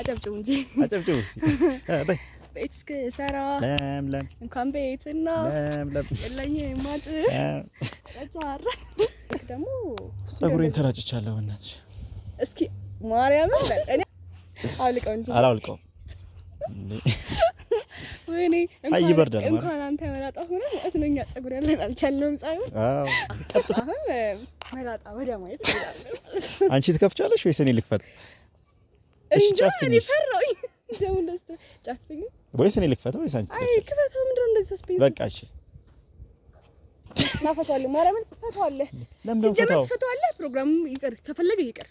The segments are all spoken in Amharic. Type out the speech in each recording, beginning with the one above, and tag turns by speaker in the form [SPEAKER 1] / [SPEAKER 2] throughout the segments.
[SPEAKER 1] አጨብጭቡ እንጂ
[SPEAKER 2] አጨብጭቡ እስቲ
[SPEAKER 1] በይ ቤት እስክሰራ
[SPEAKER 2] ለምለም
[SPEAKER 1] እንኳን ቤት እና ለምለም የለኝም ማጥር ተጫረ
[SPEAKER 2] ደግሞ ጸጉሬን ተራጭቻለሁ። እናትሽ
[SPEAKER 1] እስኪ ማርያምን እኔ አውልቀው እንጂ አላውልቀው ወይኔ ይበርዳል። እንኳን አንተ መላጣ ሆነ ማለት ነው። እኛ ጸጉር ያለን አልቻለውም። ጻዩ ቀጥታ መላጣ ወዲያ ማለት
[SPEAKER 2] አንቺ ትከፍቻለሽ ወይስ እኔ ልክፈት? ወይስ እኔ ልክፈተው ወይስ አንቺ?
[SPEAKER 1] አይ ክፈተው። እንደዚህ በቃ እሺ፣ ማርያምን ፕሮግራሙ ይቅር፣ ከፈለገ ይቅር።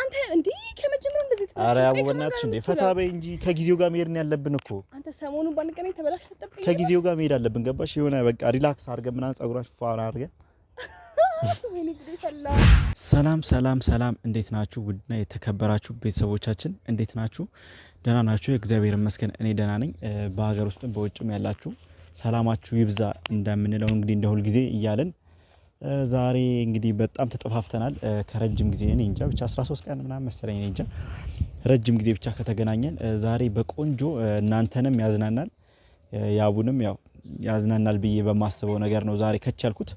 [SPEAKER 1] አንተ እንዴ እንደዚህ
[SPEAKER 2] በእናትሽ እንዴ ፈታ በይ እንጂ ከጊዜው ጋር መሄድ ነው ያለብን እኮ።
[SPEAKER 1] አንተ ሰሞኑን ባንቀናኝ ተበላሽ። ተጠብቀኝ።
[SPEAKER 2] ከጊዜው ጋር መሄድ አለብን። ገባሽ? የሆነ በቃ ሪላክስ አድርገን ምናምን ፀጉራሽ ፏራ አድርገን ሰላም ሰላም ሰላም፣ እንዴት ናችሁ? ውድና የተከበራችሁ ቤተሰቦቻችን እንዴት ናችሁ? ደህና ናችሁ? እግዚአብሔር ይመስገን እኔ ደህና ነኝ። በሀገር ውስጥም በውጭም ያላችሁ ሰላማችሁ ይብዛ እንደምንለው እንግዲህ እንደ ሁልጊዜ እያለን ዛሬ እንግዲህ በጣም ተጠፋፍተናል። ከረጅም ጊዜ እኔ እንጃ ብቻ 13 ቀን ምናምን መሰለኝ እኔ እንጃ ረጅም ጊዜ ብቻ ከተገናኘን ዛሬ በቆንጆ እናንተንም ያዝናናል ያቡንም ያው ያዝናናል ብዬ በማስበው ነገር ነው ዛሬ ከች ያልኩት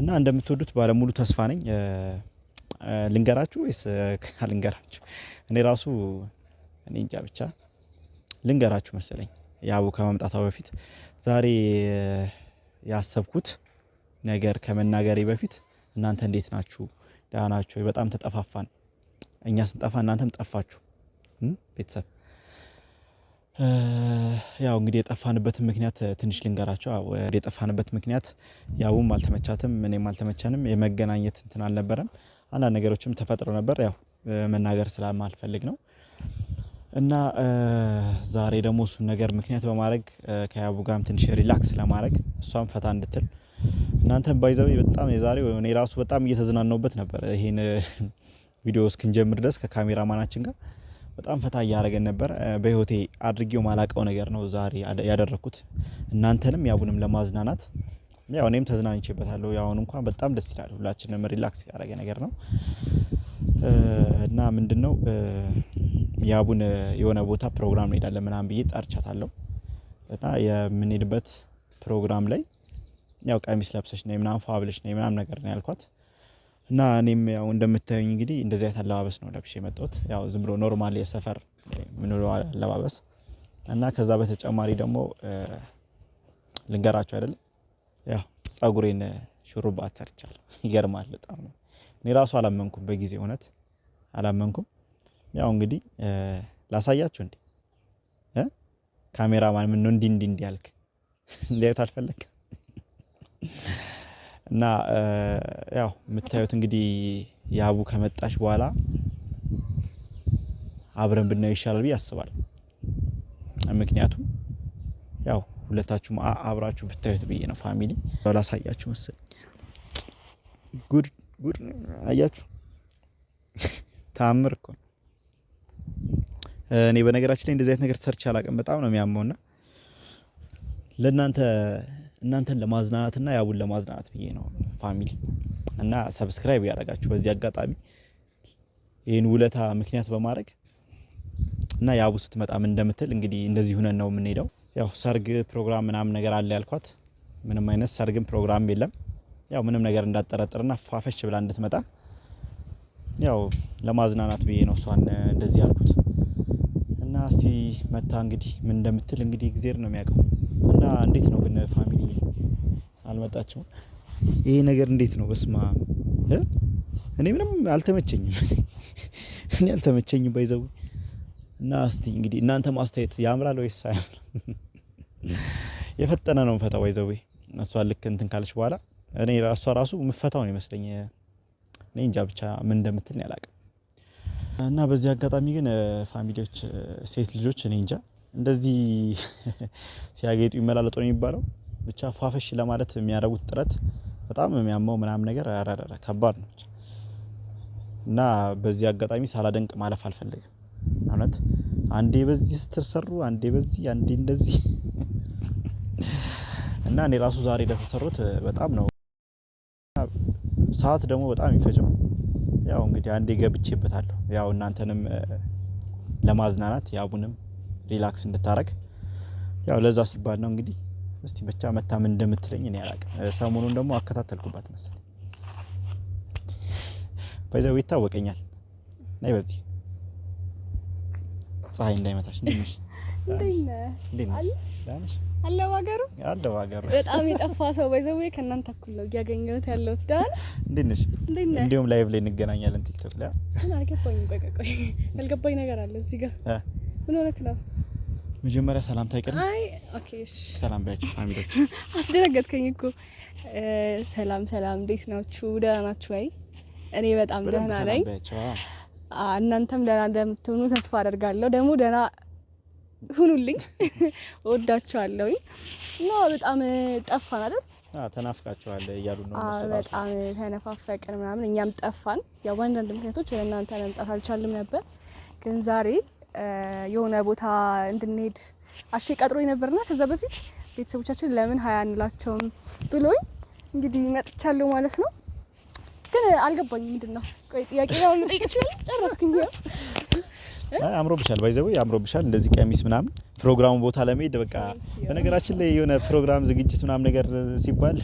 [SPEAKER 2] እና እንደምትወዱት ባለሙሉ ተስፋ ነኝ። ልንገራችሁ ወይስ ልንገራችሁ? እኔ ራሱ እኔ እንጃ ብቻ ልንገራችሁ መሰለኝ። ያቡ ከመምጣቷ በፊት ዛሬ ያሰብኩት ነገር ከመናገሬ በፊት እናንተ እንዴት ናችሁ? ደህና ናችሁ? በጣም ተጠፋፋን። እኛ ስንጠፋ እናንተም ጠፋችሁ ቤተሰብ ያው እንግዲህ የጠፋንበትን ምክንያት ትንሽ ልንገራቸው። የጠፋንበት ምክንያት ያውም አልተመቻትም፣ እኔም አልተመቻንም። የመገናኘት እንትን አልነበረም። አንዳንድ ነገሮችም ተፈጥሮ ነበር። ያው መናገር ስለማልፈልግ ነው። እና ዛሬ ደግሞ እሱን ነገር ምክንያት በማድረግ ከያቡ ጋርም ትንሽ ሪላክስ ለማድረግ እሷም ፈታ እንድትል እናንተ ባይዘው በጣም የዛሬው እኔ ራሱ በጣም እየተዝናናውበት ነበር። ይሄን ቪዲዮ እስክንጀምር ድረስ ከካሜራማናችን ጋር በጣም ፈታ እያደረገን ነበር። በህይወቴ አድርጌው ማላቀው ነገር ነው ዛሬ ያደረኩት። እናንተንም ያቡንም ለማዝናናት ያው እኔም ተዝናንቼበታለሁ። ያሁን እንኳን በጣም ደስ ይላል። ሁላችንም ሪላክስ ያደረገ ነገር ነው እና ምንድነው ያቡን የሆነ ቦታ ፕሮግራም እንሄዳለን ምናምን ብዬ ጠርቻታለሁ እና የምንሄድበት ፕሮግራም ላይ ያው ቀሚስ ለብሰሽ ነይ ምናምን ፏ ብለሽ ነይ ምናምን ነገር ነው ያልኳት። እና እኔም ያው እንደምታዩኝ እንግዲህ እንደዚህ አይነት አለባበስ ነው ለብሼ የመጣሁት። ያው ዝም ብሎ ኖርማል የሰፈር የምንለው አለባበስ እና ከዛ በተጨማሪ ደግሞ ልንገራቸው አይደል ያው ጸጉሬን ሹሩባ ሰርቻለሁ። ይገርማል በጣም ነው። እኔ ራሱ አላመንኩም በጊዜ እውነት አላመንኩም። ያው እንግዲህ ላሳያችሁ እንዴ ካሜራማን ምን ነው እንዲህ እንዲህ እንዲህ ያልክ እንዲያዩት አልፈለግም። እና ያው የምታዩት እንግዲህ የአቡ ከመጣች በኋላ አብረን ብናየው ይሻላል ብዬ አስባለሁ። ምክንያቱም ያው ሁለታችሁም አብራችሁ ብታዩት ብዬ ነው። ፋሚሊ ላሳያችሁ መሰለኝ። ጉድ ጉድ አያችሁ፣ ተአምር እኮ። እኔ በነገራችን ላይ እንደዚህ አይነት ነገር ሰርች አላውቅም። በጣም ነው የሚያመውና ለእናንተ እናንተን ለማዝናናት እና ያቡን ለማዝናናት ብዬ ነው ፋሚሊ እና ሰብስክራይብ ያደረጋችሁ በዚህ አጋጣሚ ይህን ውለታ ምክንያት በማድረግ እና ያቡ ስትመጣ ምን እንደምትል እንግዲህ እንደዚህ ሁነን ነው የምንሄደው። ያው ሰርግ ፕሮግራም ምናምን ነገር አለ ያልኳት፣ ምንም አይነት ሰርግም ፕሮግራም የለም። ያው ምንም ነገር እንዳጠረጥርና ፏፈሽ ብላ እንድትመጣ ያው ለማዝናናት ብዬ ነው እሷን እንደዚህ ያልኩት እና እስቲ መታ እንግዲህ ምን እንደምትል እንግዲህ እግዜር ነው የሚያውቀው። እና እንዴት ነው ግን ፋሚሊ አልመጣችም? ይሄ ነገር እንዴት ነው? በስማ እኔ ምንም አልተመቸኝም። እኔ አልተመቸኝም ባይዘው እና እስቲ እንግዲህ እናንተ ማስተያየት ያምራል ወይስ አያምር? የፈጠነ ነው ፈታው ባይዘው እሷ ልክ እንትን ካለች በኋላ እኔ እሷ ራሱ ምፈታው ነው ይመስለኝ። እኔ እንጃ ብቻ ምን እንደምትል ያላቅም እና በዚህ አጋጣሚ ግን ፋሚሊዎች ሴት ልጆች እኔ እንጃ እንደዚህ ሲያጌጡ ይመላለጡ ነው የሚባለው። ብቻ ፏፈሽ ለማለት የሚያደርጉት ጥረት በጣም የሚያመው ምናምን ነገር አራራራ ከባድ ነው። እና በዚህ አጋጣሚ ሳላደንቅ ማለፍ አልፈልግም። እውነት አንዴ በዚህ ስትሰሩ አንዴ በዚህ አንዴ እንደዚህ እና እኔ ራሱ ዛሬ ለተሰሩት በጣም ነው ሰዓት ደግሞ በጣም ይፈጀው። ያው እንግዲህ አንዴ ገብቼበታለሁ። ያው እናንተንም ለማዝናናት የአቡንም ሪላክስ እንድታረግ ያው ለዛ ሲባል ነው እንግዲህ። እስቲ ብቻ መታምን እንደምትለኝ እኔ አላውቅም። ሰሞኑን ደግሞ አከታተልኩባት መሰለኝ በዛው ይታወቀኛል። ናይ በዚህ ፀሐይ እንዳይመታሽ እንዴሽ አለው ሀገሩ አለው ሀገሩ
[SPEAKER 1] በጣም የጠፋ ሰው ባይዘው ከእናንተ እኩል ነው እያገኘሁት ያለሁት።
[SPEAKER 2] እንዴት ነሽ? እንዲሁም ላይቭ ላይ እንገናኛለን ቲክቶክ ላይ።
[SPEAKER 1] ምን አልገባኝም። ቆይ ቆይ ያልገባኝ ነገር አለ እዚህ ጋር ምን ሆነክ ነው
[SPEAKER 2] መጀመሪያ ሰላምታ አይቀርም።
[SPEAKER 1] አይ ኦኬ፣ እሺ፣
[SPEAKER 2] ሰላም ባያችሁ ፋሚሊዎች።
[SPEAKER 1] አስደነገጥከኝ እኮ። ሰላም ሰላም፣ እንዴት ናችሁ? ደህና ናችሁ ወይ? እኔ በጣም ደህና ነኝ። እናንተም ደህና እንደምትሆኑ ተስፋ አደርጋለሁ። ደግሞ ደህና ሁኑልኝ፣ ወዳችኋለሁ። እና በጣም ጠፋን አይደል?
[SPEAKER 2] ተናፍቃችኋል እያሉ ነው።
[SPEAKER 1] በጣም ተነፋፈቅን ምናምን፣ እኛም ጠፋን። ያው በአንዳንድ ምክንያቶች ለእናንተ እናንተ መምጣት አልቻልም ነበር፣ ግን ዛሬ የሆነ ቦታ እንድንሄድ አሼ ቀጥሮ ነበርና ከዛ በፊት ቤተሰቦቻችን ለምን ሀያ እንላቸውም ብሎኝ እንግዲህ መጥቻለሁ ማለት ነው። ግን አልገባኝም። ምንድን ነው ቆይ ጥያቄ ያው ልጠይቅ ይችላል። ጨረስኩኝ።
[SPEAKER 2] አምሮብሻል፣ ባይዘው አምሮብሻል። እንደዚህ ቀሚስ ምናምን ፕሮግራሙ ቦታ ለመሄድ በቃ በነገራችን ላይ የሆነ ፕሮግራም ዝግጅት ምናምን ነገር ሲባል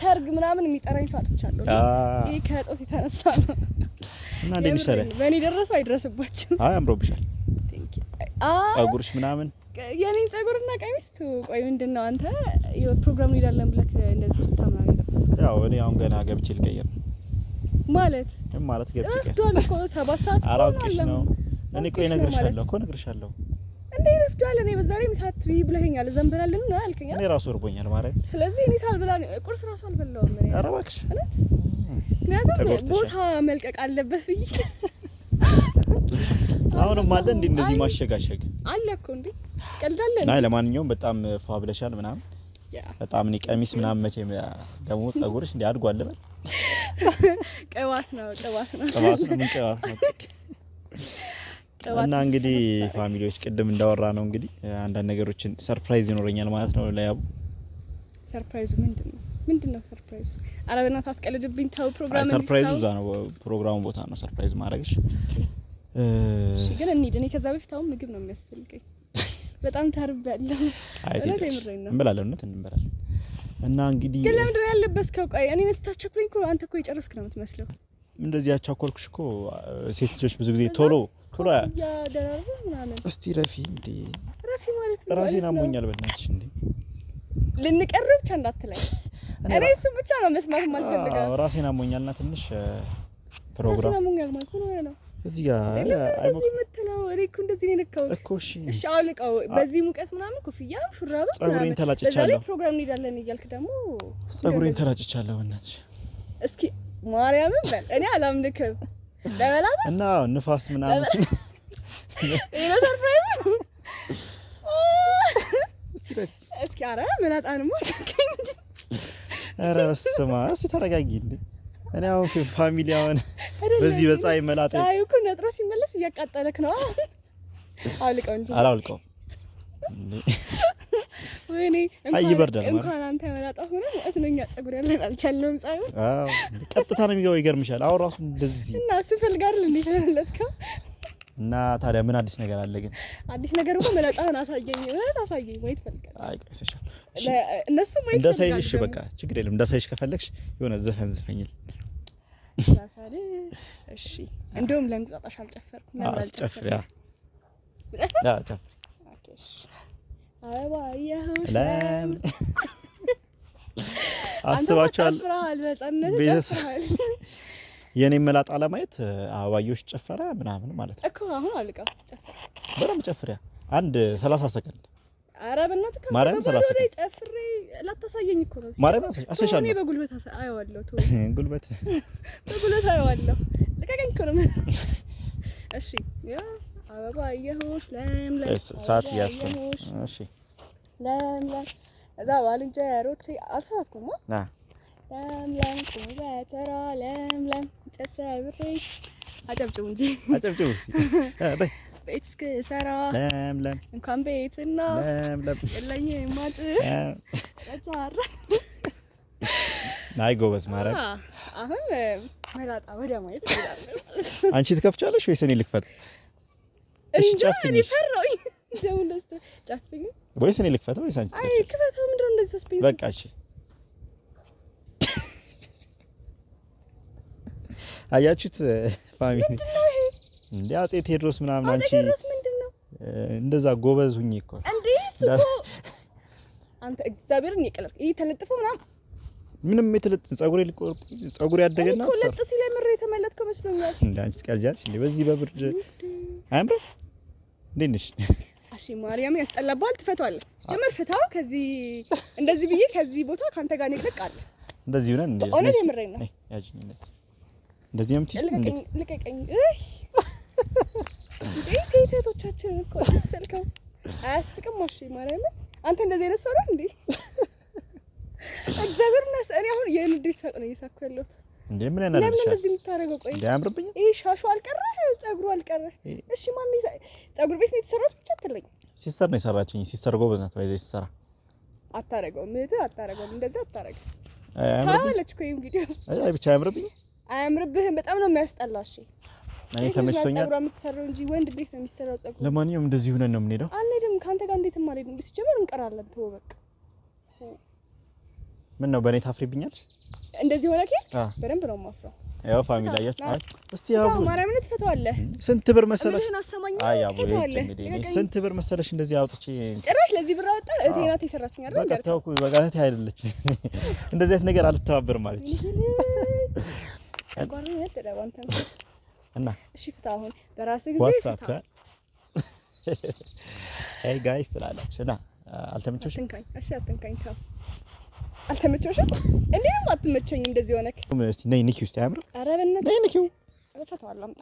[SPEAKER 1] ሰርግ ምናምን የሚጠራኝ ሰው አጥቻለሁ። ይህ ከእጦት የተነሳ ነው።
[SPEAKER 2] እና እንዴት ይሻላል?
[SPEAKER 1] በእኔ ደረሰው አይድረስባችሁ።
[SPEAKER 2] አይ አምሮብሻል። ጸጉርሽ ምናምን
[SPEAKER 1] የኔ ጸጉርና ቀሚስ ቱ ቆይ ምንድን አንተ ፕሮግራም እንሄዳለን ብለህ እንደዚህ ቱታ
[SPEAKER 2] ያው እኔ አሁን ገና ገብቼ ልቀይር ማለት ማለት ገብቼ
[SPEAKER 1] ልቀይር ሰባት ሰዓት
[SPEAKER 2] እኮ ነው። እኔ ቆይ እነግርሻለሁ እኮ እነግርሻለሁ
[SPEAKER 1] እንዴ ረፍዷል። እኔ በዛሬ ምሳት ቢ ብለኸኛል። ዘንበላልን ነው ያልከኛል።
[SPEAKER 2] እኔ ራሱ እርቦኛል ማለት
[SPEAKER 1] ስለዚህ እኔ ሳልበላ ቁርስ ራሱ አልበላሁም። እኔ ኧረ እባክሽ እውነት፣ ምክንያቱም ቦታ መልቀቅ አለበት ብዬ
[SPEAKER 2] አሁንም አለ እንዴ እንደዚህ ማሸጋሸግ
[SPEAKER 1] አለ እኮ እንዴ ቀልዳለን።
[SPEAKER 2] አይ ለማንኛውም በጣም ፏ ብለሻል ምናምን በጣም እኔ ቀሚስ ምናምን መቼ ደግሞ ጸጉርሽ እንዲ አድጎ አለበት።
[SPEAKER 1] ቅባት ነው ቅባት ነው
[SPEAKER 2] ቅባት ነው ምን ቅባት ነው እና እንግዲህ ፋሚሊዎች ቅድም እንዳወራ ነው እንግዲህ አንዳንድ ነገሮችን ሰርፕራይዝ ይኖረኛል ማለት ነው ለያቡ።
[SPEAKER 1] ሰርፕራይዙ ምንድነው? ምንድነው ሰርፕራይዙ? ኧረ በእናትህ አትቀልድብኝ ተው። ፕሮግራሙ
[SPEAKER 2] ሰርፕራይዙ እዛ ነው፣ ፕሮግራሙ ቦታ ነው ሰርፕራይዝ ማድረግሽ።
[SPEAKER 1] እሺ ግን እንሂድ። እኔ ከዛ በፊት አሁን ምግብ ነው የሚያስፈልገኝ። በጣም ተርቤያለሁ።
[SPEAKER 2] እውነት የምሬን እንበላለን፣ እውነት እንበላለን። እና እንግዲህ ግን ለምንድን ነው ያለበስከው? ቆይ እኔ ስታቸኩለኝ እኮ አንተ እኮ የጨረስክ ነው የምትመስለው። እንደዚህ ያቻኮልኩሽ እኮ ሴት ልጆች ብዙ ጊዜ ቶሎ ቶሎ እስቲ ረፊ እንዴ ረፊ ማለት ነው። ራሴን አሞኛል በእናትሽ እንዴ ልንቀርብ ብቻ እንዳትለኝ። እኔ እሱ ብቻ ነው መስማት የማልፈልገው። ራሴን አሞኛል እና ትንሽ ፕሮግራም አሞኛል ማለት ነው ነው እዚህ ጋር የምትለው እኔ እኮ እንደዚህ ነው የነካው እኮ። እሺ እሺ፣ አውልቀው። በዚህ ሙቀት ምናምን ኮፍያ፣ ሹራብ፣ ፀጉሬን ተላጭቻለሁ። ፕሮግራም እንሄዳለን እያልክ ደግሞ ፀጉሬን ተላጭቻለሁ። በእናትሽ እስኪ ማርያምን በል። እኔ አላምልክም እና ንፋስ ምናምን እስኪ ኧረ እስኪ ተረጋጊ እንዴ እኔ አሁን ፋሚሊ አሁን በዚህ በፀሐይ ፀሐይ እኮ ነጥሮ ሲመለስ እያቃጠለክ ነው አውልቀው እንጂ አላውልቀውም እኔ እንኳን አንተ መላጣ ሆነ ማለት ነው። እኛ ፀጉር ያለን አልቻልነውም። ፀጉር ቀጥታ ነው የሚገባው። ይገርምሻል። አሁን ራሱ እንደዚህ እና እሱ ፈልጋር እንዴት ተመለጥከው? እና ታዲያ ምን አዲስ ነገር አለ? ግን አዲስ ነገር እኮ መላጣህን አሳየኝ፣ እውነት አሳየኝ። ማየት ፈልጋለሁ። አይ እነሱ ማየት እንዳሳይሽ፣ በቃ ችግር የለም እንዳሳይሽ። ከፈለግሽ የሆነ ዘፈን ዝፈኝል። እሺ፣ እንደውም ለእንቁጣጣሽ አልጨፈርኩም። አልጨፍር ያ ጨፍር አበባ ለም አስባችኋል። የኔ መላጣ ለማየት አበባዮሽ ጨፈረ ምናምን ማለት ነው እኮ አሁን አልቃ በደምብ ጨፍሪያ አንድ 30 ሰከንድ እኮ ነው። በጉልበት ጉልበት በጉልበት እኮ ነው። እሺ ያ አበባ አየሁሽ ለምለም ሰዓት እያዝኩ ነው። እሺ ለምለም እዛ ባልንጀሮቼ አልሳትኩም። ለምለም ቁሚ ለምለም ጨሰ ብሬ አጨብጭቡ እንጂ አጨብጭቡ እስቲ በይ ቤት እስክሰራ ለምለም እንኳን ቤትና ለምለም የለኝ ማጥ ጨቻራ ናይ ጎበዝ ማረግ አሁን መላጣ ወደ ማየት አንቺ ትከፍቻለሽ ወይስ እኔ ልክፈት? ወይስ እኔ ልክፈተው ወይስ አንቺ? አይ ክፈተው። ምንድን ነው እንደዚህ ሰስፔንስ? በቃ እሺ። አያችሁት ፋሚሊ እንዴ አጼ ቴዎድሮስ ምናምን አንቺ እንደዛ ጎበዝ ሁኚ እኮ አንተ እግዚአብሔርን ይቀለር ተለጥፈው ምናምን ምንም የተለጥ ጸጉሬ ልቆርጥ ጸጉሬ ያደገና እኮ ለጥ ሲለምር የተመለጥከው መስሎኛል። እንዴ አንቺ ትቀልጃለሽ እንዴ በዚህ በብርድ አያምርም። እንዴት ነሽ? እሺ ማርያም ያስጠላባል። ትፈቷል ጀመር ፍታው። ከዚህ እንደዚህ ብዬ ከዚህ ቦታ ካንተ ጋር ነው ይለቃል። እንደዚህ ሆነን እንዴ ኦነን ነው ያጂ ነስ እንደዚህ ነው የምትይኝ። ልቀቀኝ ልቀቀኝ። እሺ እንዴ ሴቶቻችን እኮ ይሰልከው አያስቅም። እሺ ማርያም አንተ እንደዚህ አይነት ሰው ነህ እንዴ? እግዚአብሔር ይመስገን። እኔ አሁን የንዴት ሳቅ ነው እየሳኩ ያለሁት እንዴ ምን አይነት ለምን እንደዚህ የምታደርገው? ቆይ እንዴ እንዳያምርብኝ። ይሄ ሻሹ አልቀረ ጸጉሩ አልቀረ። እሺ ማን ጸጉር ቤት ነው የተሰራች? ብቻ አትለኝ። ሲስተር ነው የሰራችኝ። ሲስተር ጎበዝ ናት። ባይዘ ሲሰራ አታደርገውም። እህት አታደርገውም። እንደዚህ አታደርገው ታለች እኮ ይሄን ቪዲዮ። አይ ብቻ አያምርብኝ። አያምርብህም። በጣም ነው የሚያስጠላው። እሺ እኔ ተመችቶኛል። ጸጉሯ የምትሰራው እንጂ ወንድ ቤት ነው የሚሰራው ጸጉር። ለማንኛውም እንደዚህ ሆነን ነው የምንሄደው። አንሄድም። ከአንተ ጋር እንዴት ማለድ ነው? ሲጀመር እንቀራለን። ተወው በቃ። ምን ነው በእኔ ታፍሪብኛል? እንደዚህ ሆነ በደንብ ነው የማፍራው። ያው ፋሚሊ አያችሁ። እስቲ ያው ማርያም ትፈታዋለህ። ስንት ብር መሰለሽ? አይ ስንት ብር መሰለሽ? እንደዚህ አውጥቼ ጭራሽ ለዚህ ብር አወጣ። እቴ ናት የሰራችኝ አይደል? በቃ ተውኩ። በቃ እቴ አይደለች። እንደዚህ አይነት ነገር አልተባበርም ማለት እና እሺ ፍታ። አሁን በራስህ ጊዜ ዋትስአፕ አይ ጋይስ ትላለች እና አልተመቸሽም? አትንካኝ። እሺ አትንካኝ። ተው አልተመቸሽም? እንዴም አትመቸኝም። እንደዚህ ሆነክ እስቲ ነይ ንኪው። እስቲ አያምርም? ኧረ በእናትህ ነይ ንኪው። ፈቷል አምጣ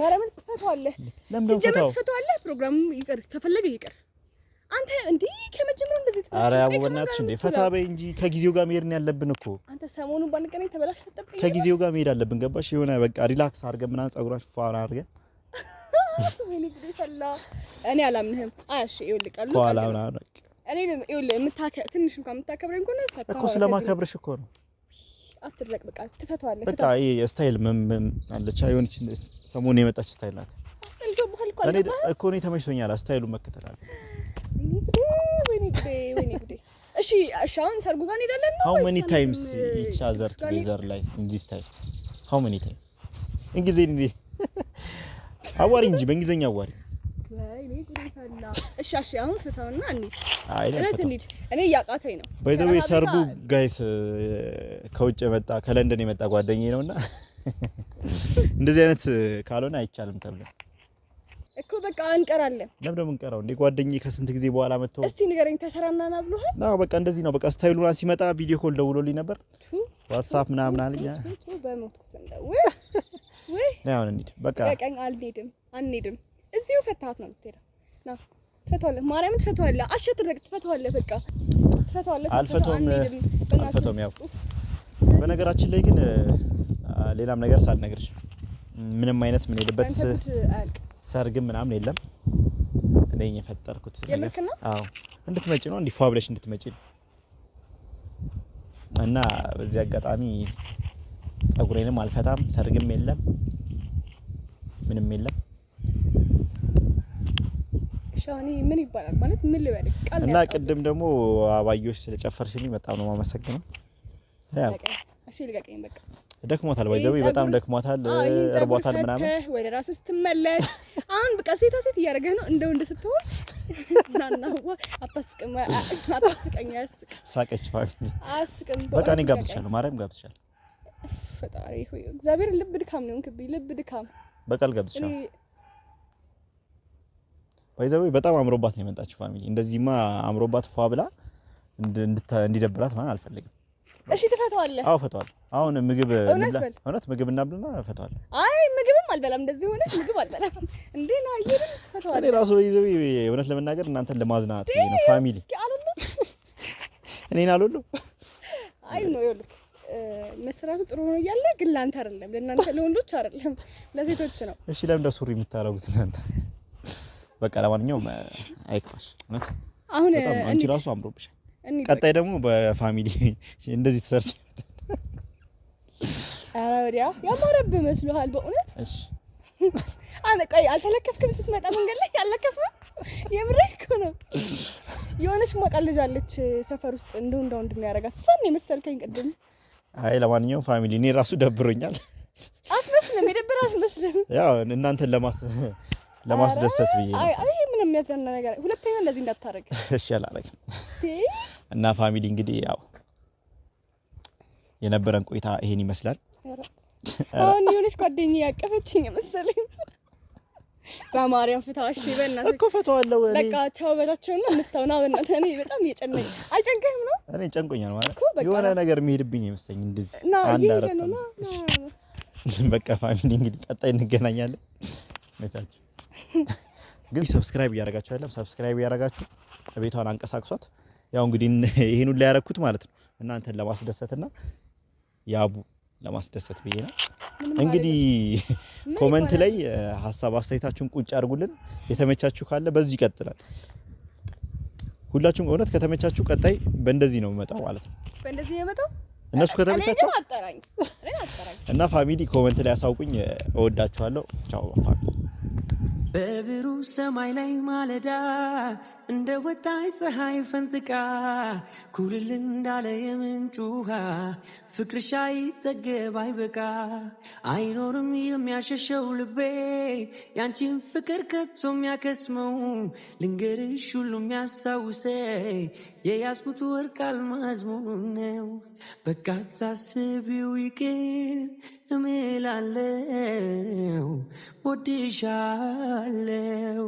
[SPEAKER 2] ማርያምን ፈቷለህ፣ ሲጀመር ፈቷለህ። ፕሮግራሙ ይቅር ከፈለገ ይቅር። አንተ እንዴ ከመጀመሪያው እንደዚህ ኧረ ያው በእናትሽ እንዴ ፈታ በይ እንጂ ከጊዜው ጋር መሄድ ነው ያለብን እኮ። አንተ ሰሞኑን ባንቀናኝ ተበላሽ ሰጠብኝ። ከጊዜው ጋር መሄድ አለብን። ገባሽ? የሆነ በቃ ሪላክስ አድርገን ምናምን ፀጉራሽ ፏራ አድርገን እኔ አላምንህም። አያሽ ይወልቃሉ ኋላ ምናምን እኔ ትንሽ እንኳን የምታከብረኝ ከሆነ እኮ ስለማከብርሽ እኮ ነው። አትድረቅ፣ በቃ ትፈተዋለህ። በቃ ይሄ ስታይል ምን አለች የሆነች ሰሞኑን የመጣች ስታይል ናት እኮ እኔ ተመችቶኛል። ስታይሉን መከተል አለ። እሺ፣ እሺ። አሁን ሰርጉ ጋር እንሄዳለን ነው? ሃው ሜኒ ታይምስ ኢች አዘር ቱጌዘር ላይ ኢን ዲስ ታይም ሃው ሜኒ ታይምስ። እንግሊዝኛ አዋሪ እንጂ በእንግሊዝኛ አዋሪ እሺ አሁን ፍታውና እንሂድ። እውነት እንሂድ። እኔ እያቃተኝ ነው። በይዘው ሰርጉ ጋይስ ከውጭ የመጣ ከለንደን የመጣ ጓደኛዬ ነውና እንደዚህ አይነት ካልሆነ አይቻልም ተብሎ እኮ በቃ እንቀራለን። ለምን ደግሞ እንቀራው እንዴ? ጓደኛዬ ከስንት ጊዜ በኋላ መጥቶ እስቲ ንገረኝ ተሰራናና ብሎሃል? አዎ በቃ እንደዚህ ነው። በቃ ስታይሉ ራስ ሲመጣ ቪዲዮ ኮል ደውሎልኝ ነበር ዋትሳፕ ምናምን አለኝ። በሞትኩት እንደው ወይ ወይ ነው እንዴ? በቃ በቃ አልሄድም፣ አንሄድም። እዚሁ ፈታት ነው የምትሄደው ና ትፈታዋለህ፣ ማርያምን በቃ አልፈተውም፣ አልፈተውም። ያው በነገራችን ላይ ግን ሌላም ነገር ሳልነግርሽ ምንም አይነት ምን ሄድበት ሰርግም ምናምን የለም። እኔ የፈጠርኩት አዎ፣ እንድትመጪ ነው እንዲፏ ብለሽ እንድትመጪ ነው። እና በዚህ አጋጣሚ ጸጉሬንም አልፈታም፣ ሰርግም የለም፣ ምንም የለም። ብቻ እኔ ምን ይባላል ማለት ምን ልበል ቃል እና ቅድም ደግሞ አባዮች ስለጨፈርሽልኝ በጣም ነው የማመሰግነው። እሺ ልቀቀኝ በቃ ደክሞታል፣ ባይዘው በጣም ደክሞታል፣ እርቦታል ምናምን ወደ ስትመለስ አሁን በቃ ሴታ ሴት እያደረገህ ነው። እንደ ወንድ ስትሆን ናናዋ አታስቅም፣ አታስቀኝ፣ አያስቅም። ሳቀች ፋሚ አያስቅም። በቃ እኔ ማርያም ፈጣሪ ሆይ እግዚአብሔር ልብ ድካም ነው እንክብኝ፣ ልብ ድካም በቃል ልጋብዝሻለሁ ባይዘዌ በጣም አምሮባት ነው የመጣችው ፋሚሊ። እንደዚህማ አምሮባት ፏ ብላ እንዲደብራት ማለት አልፈልግም። እሺ ትፈተዋለህ? አዎ ፈተዋለሁ። አሁን ምግብ እውነት ምግብ እናብልና ፈተዋለሁ። አይ ምግብም አልበላም፣ እንደዚህ ሆነ ምግብ አልበላም። እንዴ ና ይሄን ፈተዋለሁ። እኔ ራሱ ይዘው እውነት ለመናገር እናንተን ለማዝናት ነው ፋሚሊ። እኔን አልወሉ አይ ነው ይወልክ መስራቱ ጥሩ ነው እያለ ግን ላንተ አይደለም፣ ለእናንተ ለወንዶች አይደለም፣ ለሴቶች ነው። እሺ ለምን ደሱሪ የምታረጉት እናንተ? በቃ ለማንኛውም አይክፋሽ። አሁን አንቺ ራሱ አምሮብሻል። ቀጣይ ደግሞ በፋሚሊ እንደዚህ ትሰርች። ኧረ ወዲያ ያማረብ መስሎሃል በእውነት። እሺ አነ ቆይ አልተለከፍክም? ስትመጣ መንገድ ላይ አልለከፍም። የምሬን እኮ ነው። የሆነች ማቃ ልጅ አለች ሰፈር ውስጥ እንደው እንደው እንደሚያረጋት እሷን የመሰልከኝ ቅድም። አይ ለማንኛውም ፋሚሊ እኔ ራሱ ደብሮኛል። አትመስልም፣ የደብር አትመስልም። ያው እናንተን ለማስ ለማስደሰት ብዬ ነው። አይ ምንም የሚያስደና ነገር ሁለተኛ እንደዚህ እንዳታረግ። እሺ አላረግም። እና ፋሚሊ እንግዲህ ያው የነበረን ቆይታ ይሄን ይመስላል። አሁን የሆነች ጓደኛዬ ያቀፈችኝ የመሰለኝ በማርያም ፍታው። እሺ በእናትህ እኮ ፈታዋለሁ። በቃ ቻው በላቸው በላቸውና እንፍታውና በእናትህ። እኔ በጣም እየጨነኝ አልጨንቀህም ነው? እኔ ጨንቆኛል ማለት የሆነ ነገር የሚሄድብኝ ይመስለኝ እንደዚህ አንድ አረፍተ በቃ ፋሚሊ እንግዲህ ቀጣይ እንገናኛለን። መቻችሁ ግን ሰብስክራይብ እያደረጋችሁ አይደለም። ሰብስክራይብ እያደረጋችሁ ቤቷን አንቀሳቅሷት። ያው እንግዲህ ይሄን ሁሉ ያደረኩት ማለት ነው እናንተን ለማስደሰትና ያቡ ለማስደሰት ብዬ ነው። እንግዲህ ኮመንት ላይ ሀሳብ አስተያየታችሁን ቁጭ አድርጉልን። የተመቻችሁ ካለ በዚህ ይቀጥላል። ሁላችሁም እውነት ከተመቻችሁ ቀጣይ በእንደዚህ ነው የምመጣው ማለት ነው። በእንደዚህ ነው እነሱ ከተመቻችሁ እና ፋሚሊ ኮመንት ላይ አሳውቁኝ። እወዳችኋለሁ። ቻው ፋሚሊ በብሩህ ሰማይ ላይ ማለዳ እንደ ወጣች ፀሐይ ፈንጥቃ ኩልል እንዳለ የምንጩ ውሃ ፍቅርሻ አይጠገብ አይበቃ አይኖርም የሚያሸሸው ልቤ ያንቺን ፍቅር ከቶ የሚያከስመው ልንገርሽ ሁሉ የሚያስታውሰ የያዝኩት ወርቅ አልማዝ መሆኑን ነው በቃ ስቢው ይቅር እምላለው ወድሻለው